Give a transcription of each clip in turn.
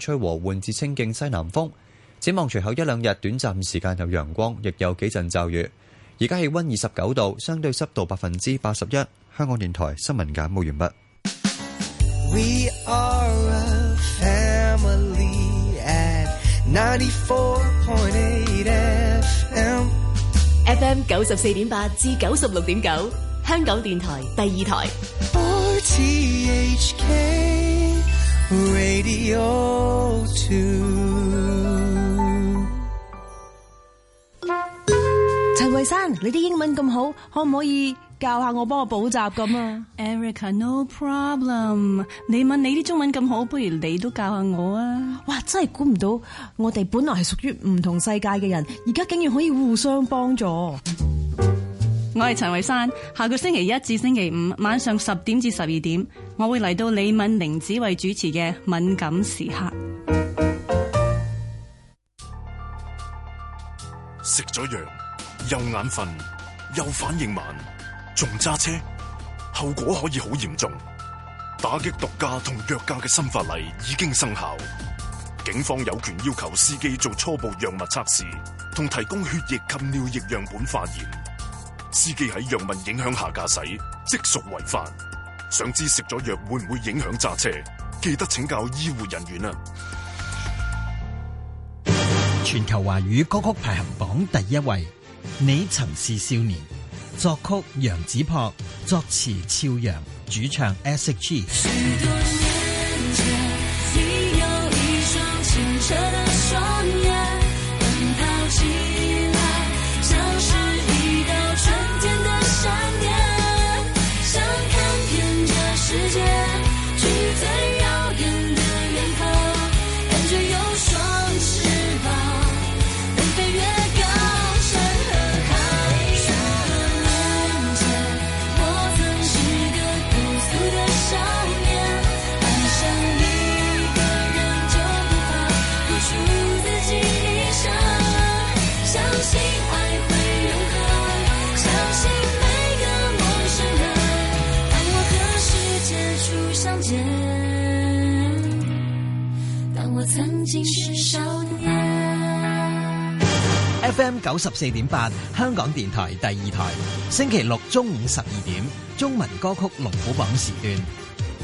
吹和緩至清勁西南風，展望隨後一兩日短暫時間有陽光，亦有幾陣驟雨。而家氣溫二十九度，相對濕度百分之八十一。香港電台新聞簡報完畢。FM 九十四點八至九十六點九，香港電台第二台。陳慧珊，你啲英文咁好，可唔可以教下我幫我補習咁啊？Erica，no problem。你問你啲中文咁好，不如你都教下我啊？哇，真係估唔到，我哋本來係屬於唔同世界嘅人，而家竟然可以互相幫助。我係陳慧珊，下個星期一至星期五晚上十點至十二點，我會嚟到李敏玲子慧主持嘅《敏感時刻》。食咗藥又眼瞓又反應慢，仲揸車，後果可以好嚴重。打擊毒駕同藥駕嘅新法例已經生效，警方有權要求司機做初步藥物測試，同提供血液及尿液樣本化驗。司機喺藥物影響下駕駛，即屬違法。想知食咗藥會唔會影響揸車？記得請教醫護人員啊！全球華語歌曲排行榜第一位，你曾是少年，作曲楊子朴，作詞肖洋，主唱 S H E。FM 九十四點八，香港電台第二台，星期六中午十二點，中文歌曲龍虎榜時段。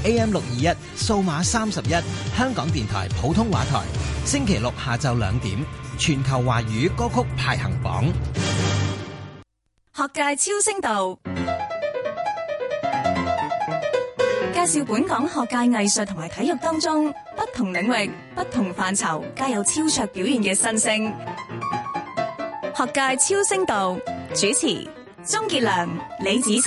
AM 六二一，數碼三十一，香港電台普通話台，星期六下晝兩點，全球華語歌曲排行榜。學界超聲道。介紹本港學界藝術同埋體育當中不同領域、不同範疇皆有超卓表現嘅新星。學界超聲道主持鍾傑良、李芷菁。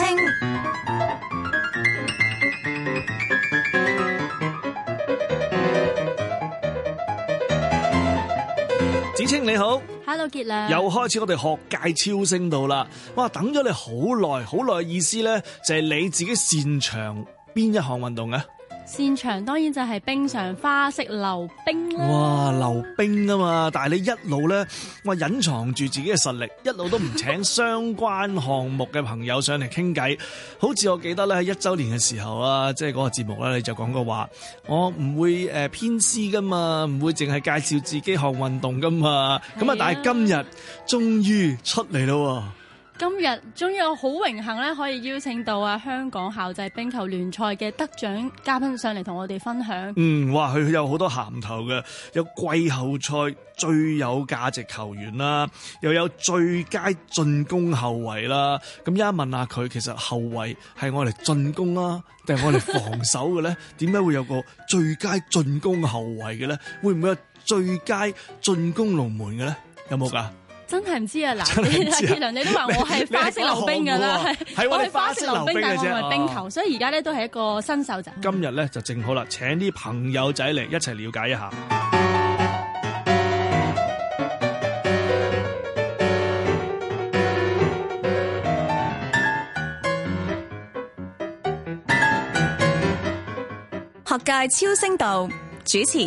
芷菁你好，Hello 傑良，又開始我哋學界超聲道啦。哇，等咗你好耐好耐意思咧，就係你自己擅長，邊一項運動啊？擅長當然就係冰上花式溜冰啦，啊。哇，溜冰啊嘛，但係你一路咧，我隱藏住自己嘅實力，一路都唔請相關項目嘅朋友上嚟傾偈。 好似我記得咧，喺一周年嘅時候啊，即係嗰個節目咧，你就講過話，我唔會誒偏私噶嘛，唔會淨係介紹自己項運動噶嘛。咁啊，但係今日終於出嚟咯。今日終於有好榮幸咧，可以邀請到啊香港校際冰球聯賽嘅得獎嘉賓上嚟同我哋分享。嗯，哇，佢有好多銜頭嘅，有季後賽最有價值球員啦，又有最佳進攻後衞啦。咁而家問下佢，其實後衞係我嚟進攻啊，定係我嚟防守嘅咧？點解 會有個最佳進攻後衞嘅咧？會唔會有最佳進攻龍門嘅咧？有冇㗎？真係唔知啊！嗱，阿杰良，你都話我係花式溜冰噶啦，我係花式溜冰，但係我唔係冰球，所以而家咧都係一個新手仔。今日咧就正好啦，請啲朋友仔嚟一齊了解一下。學界超聲道主持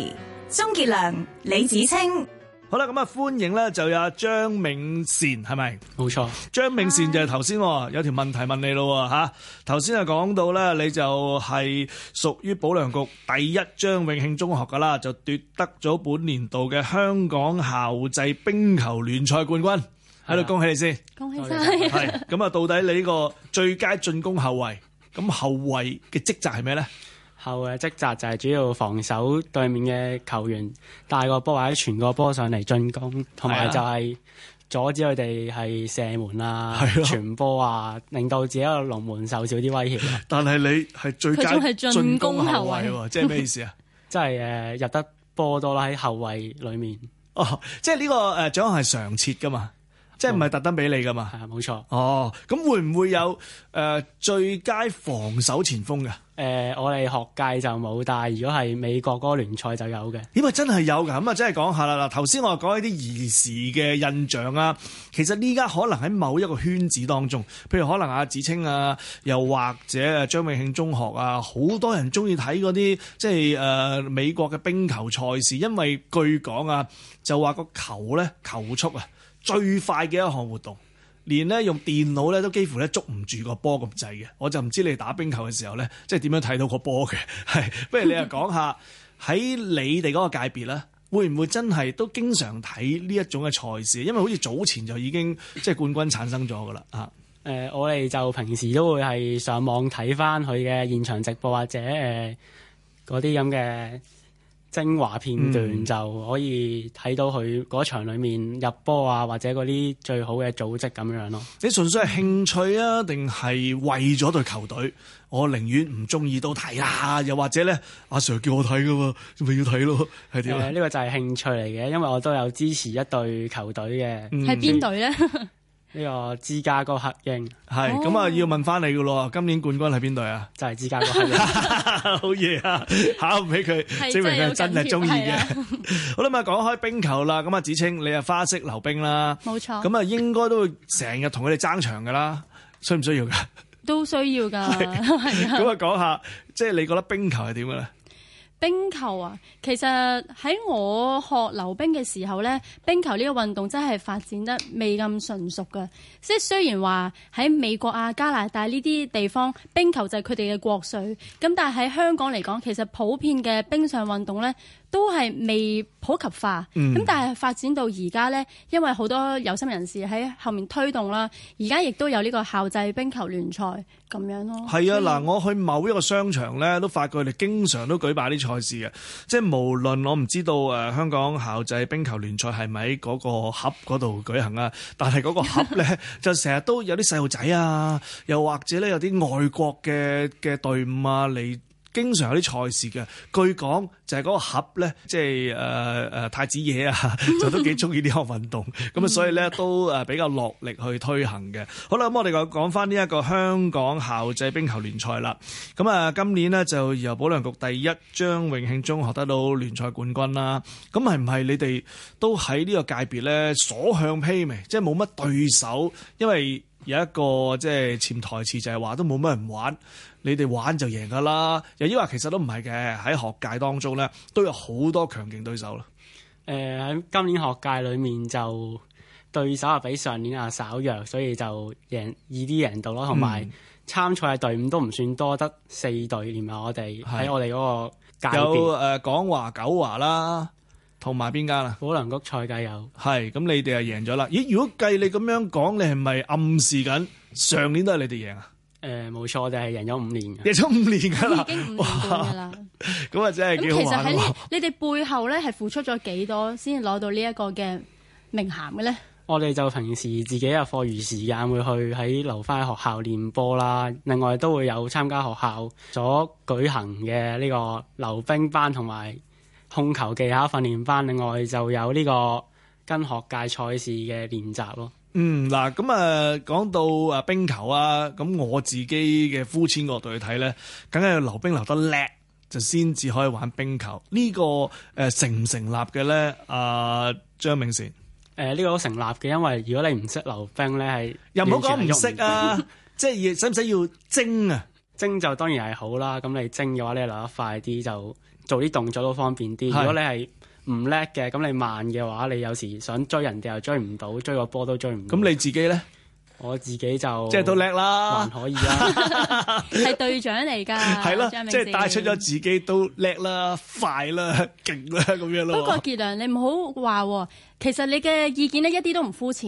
鍾杰良、李芷菁。好啦，咁啊，歡迎咧，就有阿張銘善係咪？冇錯，張銘錯善就係頭先有條問題問你咯，吓，頭先啊講到咧，你就係屬於保良局第一張永慶中學噶啦，就奪得咗本年度嘅香港校際冰球聯賽冠軍，喺度的恭喜你先，恭喜晒，係咁啊， 到底你呢個最佳進攻後衛，咁後衛嘅職責係咩咧？後衛職責就係主要防守對面嘅球員帶個波或者傳個波上嚟進攻，同埋就係阻止佢哋係射門啦、傳波啊，令到自己個龍門受少啲威脅。但係你係最佳佢仲係進攻後衛，後衛 即係咩意思啊？即係誒入得波多啦喺後衛裏面哦，即係呢、這個誒獎項係常設噶嘛？即係唔係特登俾你噶嘛？係啊錯，冇錯。哦，咁會唔會有誒、呃、最佳防守前鋒噶？誒、呃，我哋學界就冇，但如果係美國嗰個聯賽就有嘅。點啊，真係有噶？咁、嗯、啊，真係講下啦。嗱，頭先我講一啲兒時嘅印象啊。其實呢家可能喺某一個圈子當中，譬如可能阿、啊、子清啊，又或者張永慶中學啊，好多人中意睇嗰啲即係誒、呃、美國嘅冰球賽事，因為據講啊，就話個球咧球速啊。最快嘅一項活動，連咧用電腦咧都幾乎咧捉唔住個波咁滯嘅，我就唔知你打冰球嘅時候咧，即係點樣睇到個波嘅？不如你又講下喺你哋嗰個界別咧，會唔會真係都經常睇呢一種嘅賽事？因為好似早前就已經即係冠軍產生咗噶啦啊！誒、呃，我哋就平時都會係上網睇翻佢嘅現場直播或者誒嗰啲咁嘅。呃精華片段、嗯、就可以睇到佢嗰場裏面入波啊，或者嗰啲最好嘅組織咁樣咯。你純粹係興趣啊，定係為咗隊球隊，我寧願唔中意都睇啊，又或者咧，阿 Sir 叫我睇噶嘛，咪要睇咯，係點啊？呢、嗯這個就係興趣嚟嘅，因為我都有支持一隊球隊嘅。係邊隊咧？ 呢個芝加哥黑鷹係咁啊，要問翻你噶咯，今年冠軍係邊隊啊？就係芝加哥黑鷹，好嘢啊！考唔起佢， 證明佢係真係中意嘅。的 好啦，咁啊，講開冰球啦，咁啊，芷菁你啊花式溜冰啦，冇錯錯，咁啊，應該都會成日同佢哋爭場噶啦，需唔需要噶？都需要噶，係 啊。咁啊，講下即係你覺得冰球係點嘅咧？冰球啊，其實喺我學溜冰嘅時候呢，冰球呢個運動真係發展得未咁純熟㗎。即係雖然話喺美國啊、加拿大呢啲地方，冰球就係佢哋嘅國粹，咁但係喺香港嚟講，其實普遍嘅冰上運動呢，都係未普及化，咁、嗯、但係發展到而家呢，因為好多有心人士喺後面推動啦，而家亦都有呢個校際冰球聯賽咁樣咯。係啊，嗱，嗯、我去某一個商場呢，都發覺佢哋經常都舉辦啲賽事嘅，即係無論我唔知道誒香港校際冰球聯賽係咪喺嗰個盒嗰度舉行啊，但係嗰個盒呢， 就成日都有啲細路仔啊，又或者呢，有啲外國嘅嘅隊伍啊嚟。經常有啲賽事嘅，據講就係嗰個盒咧，即係誒誒太子爺啊， 就都幾中意呢項運動，咁啊，所以咧都誒比較落力去推行嘅。好啦，咁我哋講翻呢一個香港校際冰球聯賽啦。咁啊，今年呢就由保良局第一張永慶中學得到聯賽冠軍啦。咁係唔係你哋都喺呢個界別咧所向披靡，即係冇乜對手？因為有一個即係潛台詞就，就係話都冇乜人玩，你哋玩就贏㗎啦。又於話其實都唔係嘅，喺學界當中咧都有好多強勁對手啦。誒喺、呃、今年學界裡面就對手啊比上年啊稍弱，所以就贏二啲贏到咯。同埋參賽嘅隊伍都唔算多，得四隊，連埋我哋喺我哋嗰個界別誒廣華九華啦。同埋邊間啦？保良局賽界有係咁，你哋係贏咗啦！咦？如果計你咁樣講，你係咪暗示緊上年都係你哋贏啊？誒、呃，冇錯，就係贏咗五年嘅，贏咗五年㗎啦，已經五年半㗎啦。咁啊，真係咁其實喺你哋背後咧，係付出咗幾多先攞到呢一個嘅名銜嘅咧？ 我哋就平時自己有課餘時間會去喺留翻喺學校練波啦，另外都會有參加學校所舉行嘅呢個溜冰班同埋。控球技巧訓練翻，另外就有呢個跟學界賽事嘅練習咯。嗯，嗱，咁啊，講到啊冰球啊，咁我自己嘅膚淺角度去睇咧，梗係要溜冰溜得叻就先至可以玩冰球。呢、這個誒、呃、成唔成立嘅咧？阿張銘善，誒呢、呃這個都成立嘅，因為如果你唔識溜冰咧，係又唔好講唔識啊，即係使唔使要蒸啊？ 蒸就當然係好啦，咁你蒸嘅話，你留得快啲就。做啲動作都方便啲。是如果你係唔叻嘅，咁你慢嘅話，你有時想追人哋又追唔到，追個波都追唔到。咁你自己咧？我自己就即係都叻啦，還可以啦，係隊長嚟㗎。係咯，即係帶出咗自己都叻啦、快啦、勁啦咁樣咯。不過傑良，你唔好話喎，其實你嘅意見呢，一啲都唔膚淺，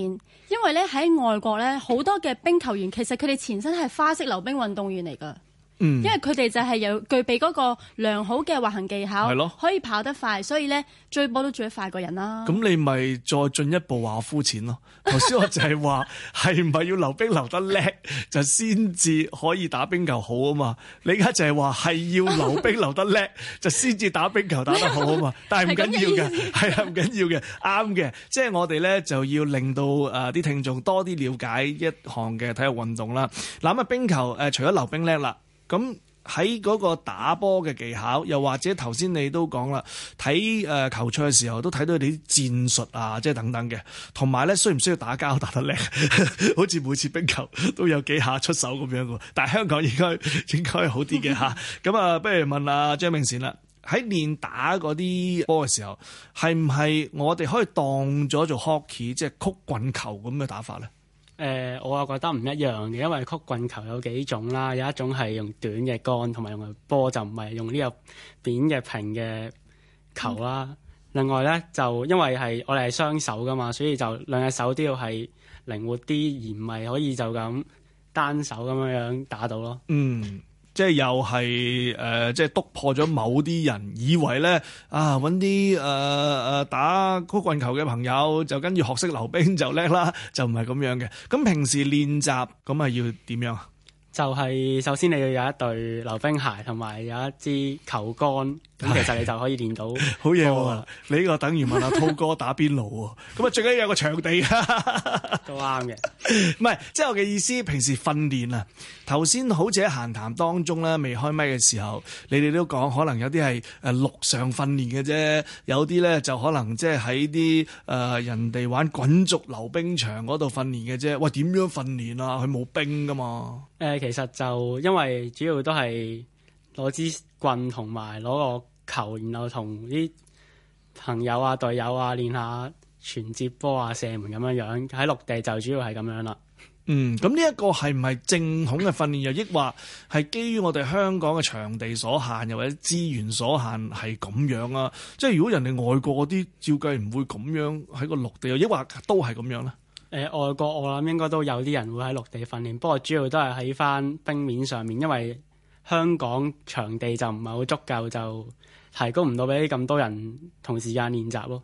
因為咧，喺外國咧，好多嘅冰球員其實佢哋前身係花式溜冰運動員嚟㗎。嗯，因為佢哋就係有具備嗰個良好嘅滑行技巧，係對咯，可以跑得快，所以咧追波都最快過人啦。咁你咪再進一步話膚淺咯？頭先我 是是留留就係話係唔係要溜冰溜得叻就先至可以打冰球好啊嘛？你而家就係話係要溜冰溜得叻就先至打冰球打得好啊嘛？但係唔緊要嘅，係 啊唔緊要嘅，啱嘅。即係、 就是、我哋咧就要令到誒啲、呃、聽眾多啲了解一項嘅體育運動啦。嗱咁啊，冰球誒、呃，除咗溜冰叻啦。咁喺嗰個打波嘅技巧，又或者頭先你都講啦，睇誒、呃、球賽嘅時候都睇到你啲戰術啊，即、就、係、是、等等嘅，同埋咧需唔需要打交打得叻？ 好似每次冰球都有幾下出手咁樣嘅喎。但係香港應該應該好啲嘅吓。咁啊，不如問阿、啊、張銘善啦，喺練打嗰啲波嘅時候，係唔係我哋可以當咗做 hockey，即係曲棍球咁嘅打法咧？誒、呃，我啊覺得唔一樣嘅，因為曲棍球有幾種啦，有一種係用短嘅桿同埋用個波，就唔係用呢個扁嘅平嘅球啦。嗯、另外咧，就因為係我哋係雙手㗎嘛，所以就兩隻手都要係靈活啲，而唔係可以就咁單手咁樣樣打到咯。嗯。即係又係誒、呃，即係篤破咗某啲人以為咧啊，揾啲誒誒打曲棍球嘅朋友就跟住學識溜冰就叻啦，就唔係咁樣嘅。咁平時練習咁係要點樣？就係首先你要有一對溜冰鞋，同埋有，有一支球桿。咁其實你就可以練到好嘢喎！你呢個等於問阿濤哥打邊爐喎！咁啊， 最緊要有個場地啊， 都啱嘅。唔係，即係我嘅意思，平時訓練啊，頭先好似喺閒談當中咧，未開麥嘅時候，你哋都講可能有啲係誒陸上訓練嘅啫，有啲咧就可能即係喺啲誒人哋玩滾軸溜冰場嗰度訓練嘅啫。喂、呃，點樣訓練啊？佢冇冰㗎嘛？誒、呃，其實就因為主要都係攞支棍同埋攞個球，然後同啲朋友啊、隊友啊練下傳接波啊、射門咁樣樣，喺陸地就主要係咁樣啦。嗯，咁呢一個係唔係正統嘅訓練，又抑或係基於我哋香港嘅場地所限，又或者資源所限係咁樣啊？即係如果人哋外國嗰啲照計唔會咁樣喺個陸地，又抑或都係咁樣咧？誒、呃，外國我諗應該都有啲人會喺陸地訓練，不過主要都係喺翻冰面上面，因為香港場地就唔係好足夠就。提高唔到俾咁多人同時間練習咯。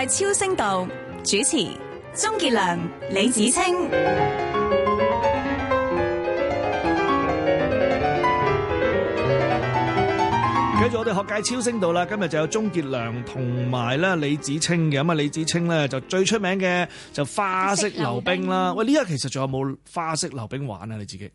係超聲道主持鍾傑良、李芷菁。繼、嗯、續我哋學界超聲道啦，今日就有鍾傑良同埋咧李芷菁嘅。咁啊，李芷菁咧就最出名嘅就花式溜冰啦。冰喂，呢一其實仲有冇花式溜冰玩啊？你自己？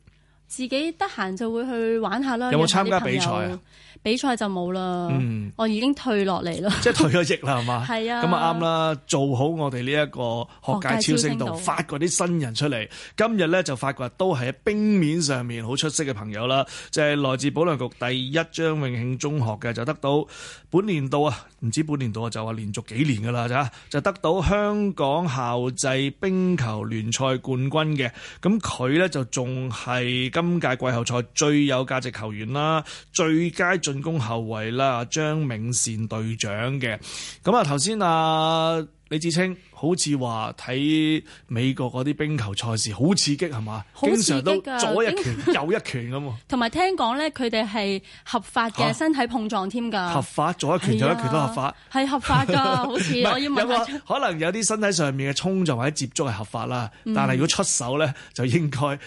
自己得閒就會去玩下啦。有冇參加比賽啊？比賽就冇啦。嗯，我已經退落嚟啦。即係退咗役啦，係嘛？係啊。咁啊啱啦，做好我哋呢一個學界超星度，星發掘啲新人出嚟。今日咧就發掘都係喺冰面上面好出色嘅朋友啦。就係、是、來自保良局第一張永慶中學嘅，就得到本年度啊，唔知本年度啊就話連續幾年噶啦吓，就得到香港校際冰球聯賽冠軍嘅。咁佢咧就仲係。今屆季後賽最有價值球員啦，最佳進攻後衞啦，張銘善隊長嘅。咁啊，頭先啊，李芷菁。好似話睇美國嗰啲冰球賽事好刺激係嘛？好刺激經常都左一拳 右一拳咁。同埋聽講咧，佢哋係合法嘅，啊、身體碰撞添噶合法，左一拳，啊、左一拳都合法，係合法噶好似 是我要問有冇可能有啲身體上面嘅衝撞或者接觸係合法啦，嗯、但係如果出手咧就應該誒。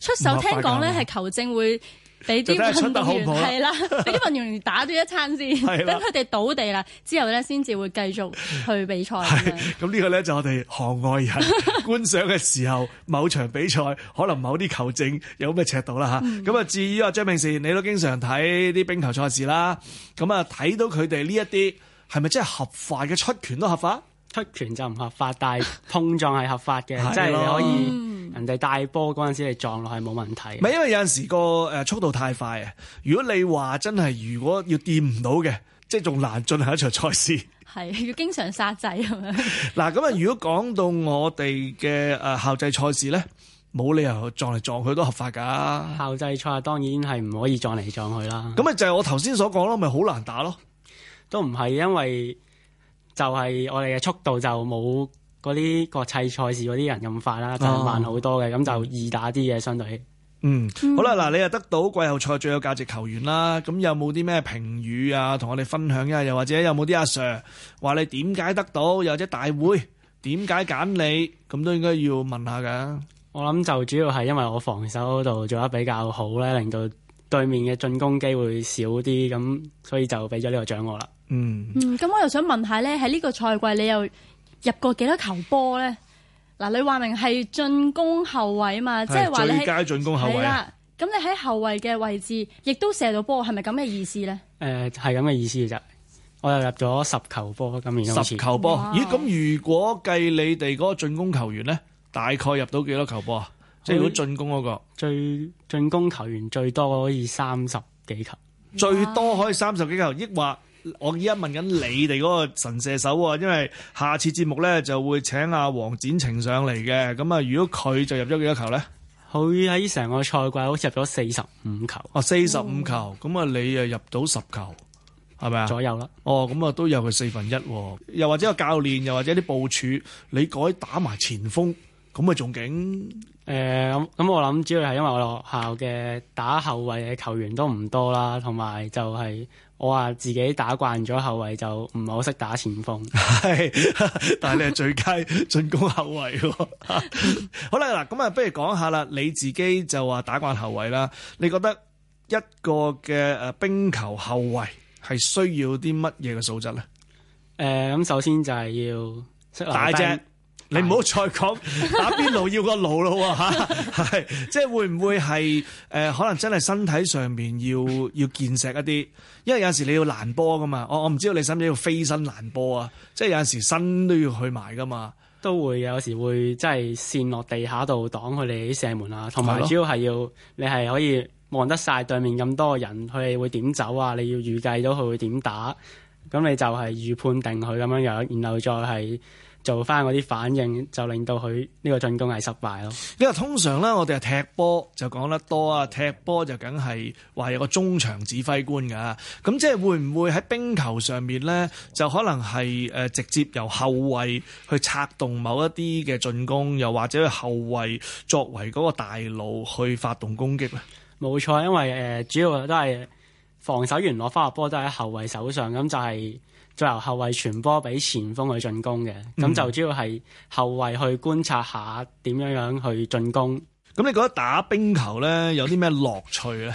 出手聽講咧係球證會。俾啲運動員，係啦了，俾啲 運動員打咗一餐先， 等佢哋倒地啦，之後咧先至會繼續去比賽。咁呢 個咧就我哋行外人觀賞嘅時候，某場比賽 可能某啲球證有咩尺度啦嚇。咁啊，至於阿張銘善，你都經常睇啲冰球賽事啦，咁啊睇到佢哋呢一啲係咪真係合法嘅，出拳都合法？出拳就唔合法，但係碰撞係合法嘅，即係 你可以人哋帶波嗰陣時你、嗯、撞落係冇問題。唔係因為有陣時個誒速度太快啊！如果你話真係如果要掂唔到嘅，即係仲難進行一場賽事。係 要經常殺掣咁樣。嗱，咁啊，如果講到我哋嘅誒校際賽事咧，冇理由撞嚟撞去都合法噶。校際賽當然係唔可以撞嚟撞去啦。咁啊，就係我頭先所講咯，咪好難打咯，都唔係因為，就係我哋嘅速度就冇嗰啲國際賽事嗰啲人咁快啦，就係、慢好多嘅，咁、哦、就易打啲嘅相對。嗯，嗯，好啦，嗱，你又得到季後賽最有價值球員啦，咁有冇啲咩評語啊？同我哋分享一下，又或者有冇啲阿 Sir 話你點解得到，又或者大會點解揀你？咁都應該要問下噶。我諗就主要係因為我防守度做得比較好咧，令到對面嘅進攻機會，會少啲，咁所以就俾咗呢個獎我啦。嗯，咁我又想問下咧，喺呢個賽季你又入過幾多球波咧？嗱、啊，你話明係進攻後衛啊嘛，即係話最佳進攻後衛啊。咁你喺後衛嘅位置，亦都射到波，係咪咁嘅意思咧？誒、呃，係咁嘅意思嘅啫。我又入咗十球波，今年十球波。哇咦，咁如果計你哋嗰個進攻球員咧，大概入到幾多球波啊？他即係如果進攻嗰、嗰個最進攻球員最多可以三十幾球，哇最多可以三十幾球，抑或？我而家問緊你哋嗰個神射手喎，因為下次節目咧就會請阿黃展晴上嚟嘅，咁啊，如果佢就入咗幾多球咧？佢喺成個賽季好似入咗四十五球。哦，四十五球，咁啊、嗯，你啊入到十球，係咪啊？左右啦。哦，咁啊都有佢四分一。又或者個教練，又或者啲部署，你改打埋前鋒，咁啊仲勁？誒、呃，咁我諗主要係因為我學校嘅打後衞嘅球員都唔多啦，同埋就係、是。我話自己打慣咗後衛就唔係好識打前鋒，係。但係你係最佳進攻後衛。 好啦，嗱，咁啊不如講下啦，你自己就話打慣後衛啦，你覺得一個嘅誒冰球後衛係需要啲乜嘢嘅素質咧？誒、呃，咁首先就係要識大隻。打你唔好再講打邊爐要個腦咯喎嚇，即、就、係、是、會唔會係誒、呃？可能真係身體上面要要健碩一啲，因為有陣時你要攔波噶嘛。我我唔知道你使唔使要飛身攔波啊？即係有陣時身都要去埋噶嘛，都會有時會即係線落地下度擋佢哋啲射門啊。同埋主要係要你係可以望得晒對面咁多人，佢哋會點走啊？你要預計到佢會點打，咁你就係預判定佢咁樣樣，然後再係。做翻嗰啲反應，就令到佢呢個進攻係失敗咯。因為通常咧，我哋係踢波就講得多啊，踢波就梗係話有個中場指揮官噶。咁即係會唔會喺冰球上面咧，就可能係誒直接由後衞去策動某一啲嘅進攻，又或者後衞作為嗰個大腦去發動攻擊咧？冇錯，因為誒主要都係防守員攞翻個波都係喺後衞手上，咁就係、是。再由後衛傳波俾前鋒去進攻嘅，咁就主要係後衛去觀察下點樣樣去進攻。咁、嗯、你覺得打冰球咧有啲咩樂趣咧？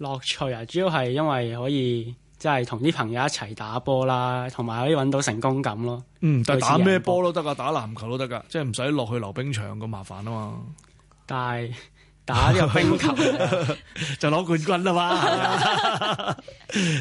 樂趣啊，主要係因為可以即係同啲朋友一齊打波啦，同埋可以搵到成功感咯。嗯，但係打咩波都得噶，打籃球都得噶，即係唔使落去溜冰場咁麻煩啊嘛。但係。打呢個冰球 就攞冠軍啦嘛，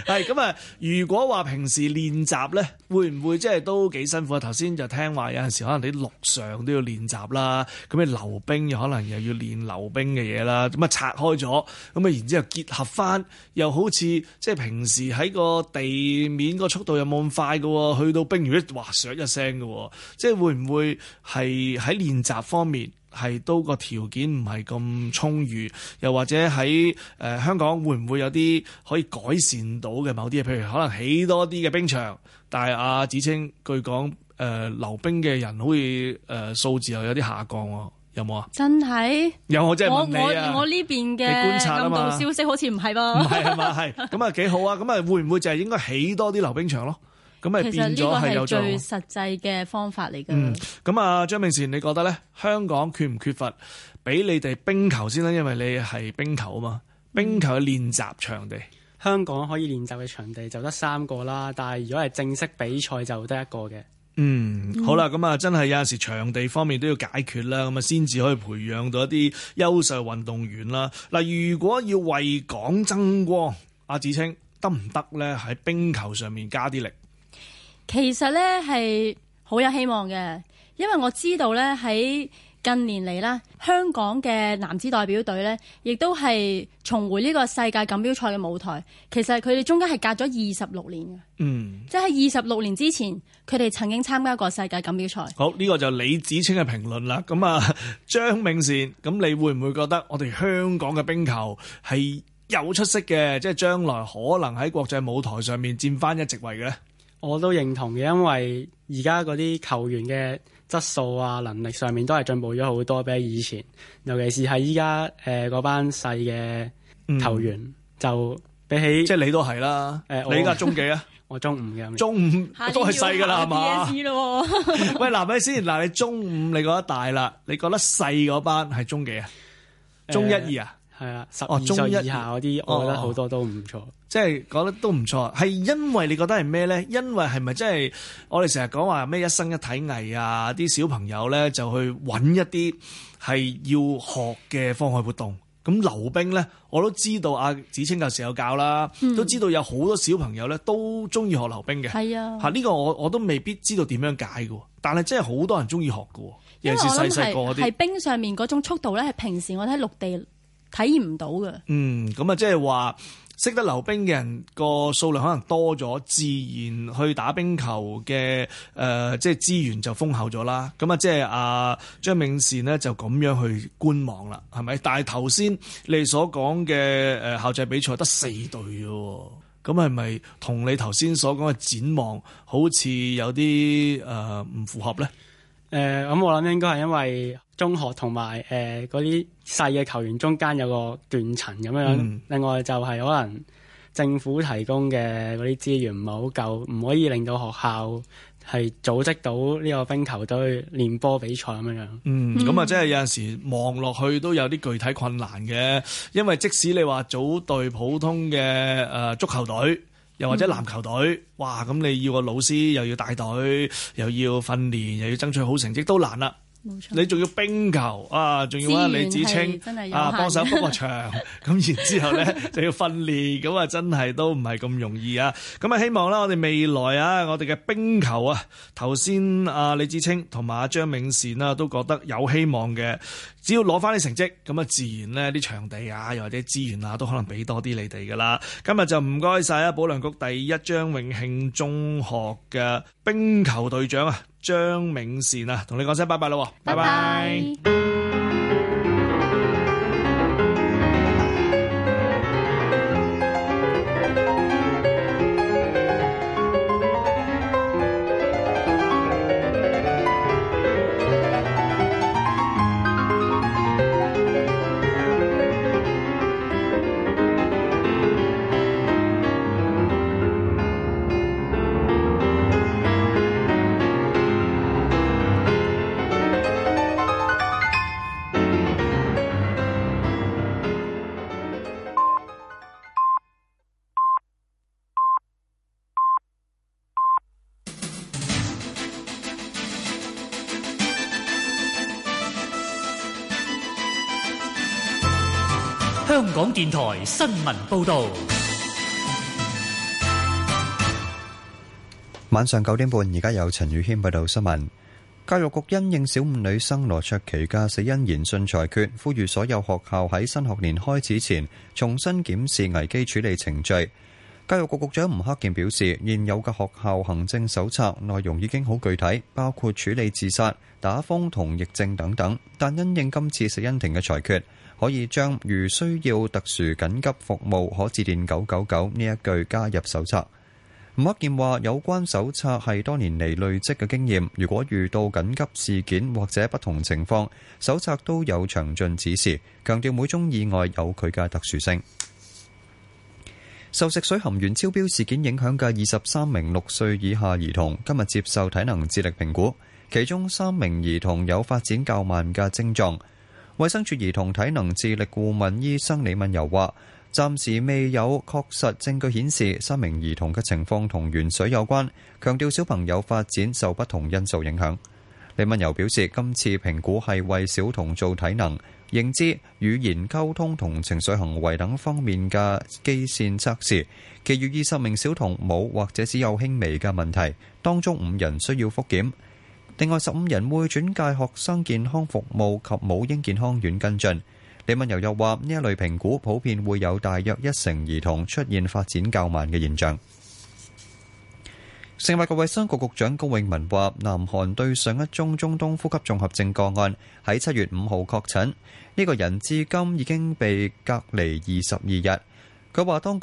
係咁啊！如果話平時練習咧，會唔會即係都幾辛苦啊？頭先就聽話有陣時可能你陸上都要練習啦，咁你溜冰又可能又要練溜冰嘅嘢啦。咁啊拆開咗，咁啊然之後結合翻，又好似即係平時喺個地面個速度又冇咁快噶，去到冰面一滑削一聲噶，即係會唔會係喺練習方面？係都個條件唔係咁充裕，又或者喺誒、呃、香港會唔會有啲可以改善到嘅某啲嘢？譬如可能起多啲嘅冰場。但係阿、啊、芷菁據講誒溜冰嘅人好似誒、呃、數字又有啲下降喎，有冇啊？真係有，我真係問你啊！我我我呢邊嘅觀察到消息好似唔係噃，唔係，係嘛？係咁啊，幾好啊！咁啊會唔會就係應該起多啲溜冰場咯？咁咪變咗係有最實際嘅方法嚟嘅。嗯，咁啊，張銘善，你覺得呢？香港缺唔缺乏俾你哋冰球先啦，因為你係冰球啊嘛，冰球嘅練習場地，嗯、香港可以練習嘅場地就得三個啦。但係如果係正式比賽就得一個嘅。嗯，嗯好啦，咁啊，真係有陣時場地方面都要解決啦。咁啊，先至可以培養到一啲優秀運動員啦。嗱，如果要為港爭光，阿、啊、芷菁得唔得呢？喺冰球上面加啲力。其實呢係好有希望嘅，因為我知道呢，喺近年嚟啦，香港嘅男子代表隊呢亦都係重回呢個世界錦標賽嘅舞台。其實佢哋中間係隔咗二十六年嘅。嗯，即係二十六年之前，佢哋曾經參加過世界錦標賽。好，呢個就李子清嘅評論啦。咁啊，張銘善，咁你會唔會覺得我哋香港嘅冰球係有出色嘅，即係將來可能喺國際舞台上面佔返一席位嘅咧？我都認同嘅，因為而家嗰啲球員嘅質素啊、能力上面都係進步咗好多，比起以前。尤其是喺依家誒嗰班細嘅球員，嗯、就比起即係你都係啦。誒、呃，我你而家中幾啊？ 我中五嘅。嗯、中五 都係細噶啦，係嘛？我唔知嘞喎。喂，嗱，你先，嗱，你中五你覺得大，你覺得大啦？你覺得細嗰班係中幾啊？中一、呃、一二啊？係啊，十二歲以下嗰啲，我覺得好多都唔錯。即係講得都唔錯，係因為你覺得係咩咧？因為係咪真係我哋成日講話咩一生一體藝啊？啲小朋友咧就去揾一啲係要學嘅方開活動。咁溜冰咧，我都知道阿、啊、子清舊時有教啦，都知道有好多小朋友咧都中意學溜冰嘅。係啊、嗯，嚇呢個我我都未必知道點樣解嘅，但係真係好多人中意學嘅。尤其是細細個，因為我諗啲，係冰上面嗰種速度咧，係平時我喺陸地體驗唔到嘅。嗯，咁啊，即係話。識得溜冰嘅人個數量可能多咗，自然去打冰球嘅，誒、呃，即係資源就豐厚咗啦。咁啊，即係啊張銘善呢，就咁樣去觀望啦，係咪？但係頭先你所講嘅誒校際比賽得四隊，咁係咪同你頭先所講嘅展望好似有啲誒唔符合咧？誒、呃，咁我諗應該係因為。中學同埋誒嗰啲細嘅球員中間有個斷層咁樣，嗯、另外就係可能政府提供嘅嗰啲資源唔係好夠，唔可以令到學校係組織到呢個冰球隊練波比賽咁樣。嗯，咁啊，即係有陣時望落去都有啲具體困難嘅，因為即使你話組隊普通嘅誒、呃、足球隊，又或者籃球隊，嗯、哇，咁你要個老師又要帶隊，又要訓練，又要爭取好成績都難啦。你仲要冰球啊，仲要啊李子清啊幫手 book 個場，咁 然之後咧就要訓練，咁啊真係都唔係咁容易啊！咁啊希望啦、啊，我哋未來啊，我哋嘅冰球啊，頭先啊李子清同埋阿張銘善啊，都覺得有希望嘅，只要攞翻啲成績，咁啊自然咧啲場地啊，又或者資源啊，都可能俾多啲你哋噶啦。今日就唔該晒啊，保良局第一張永慶中學嘅冰球隊長啊！張銘善啊，同你講聲拜拜咯！拜拜 bye。Bye bye。電台新聞報道。晚上九點半，而家有陳宇謙報道新聞。教育局因應小五女生羅卓琪嘅死因研訊裁決，呼籲所有學校喺新學年開始前重新檢視危機處理程序。教育局局長吳克儉表示，現有嘅學校行政手冊內容已經好具體，包括處理自殺、打風同疫症等等，但因應今次死因庭嘅裁決，可以將「如需要特殊緊急服務，可致電九九九」呢一句加入手冊。吳克健話：有關手冊係多年嚟累積嘅經驗，如果遇到緊急事件或者不同情況，手冊都有詳盡指示。強調每宗意外有佢嘅特殊性。受食水含鉛超標事件影響嘅二十三名六歲以下兒童，今日接受體能智力評估，其中三名兒童有發展較慢嘅症狀。衛生署兒童體能智力顧問醫生李敏柔話，暫時未有確實證據顯示三名兒童嘅情況同鉛水有關。強調小朋友發展受不同因素影響。李敏柔表示，今次評估係為小童做體能、認知、語言溝通同情緒行為等方面嘅基線測試。其餘二十名小童冇或者只有輕微嘅問題，當中五人需要覆檢。另外，十五人會轉介學生健康服務及母嬰健康院跟進。李敏柔又話：呢一類評估普遍會有大約一成兒童出現發展較慢嘅現象。食物及衛生局局長高永文話：南韓對上一宗中東呼吸綜合症個案喺七月五號確診，呢個人至今已經被隔離二十二日。佢話：當局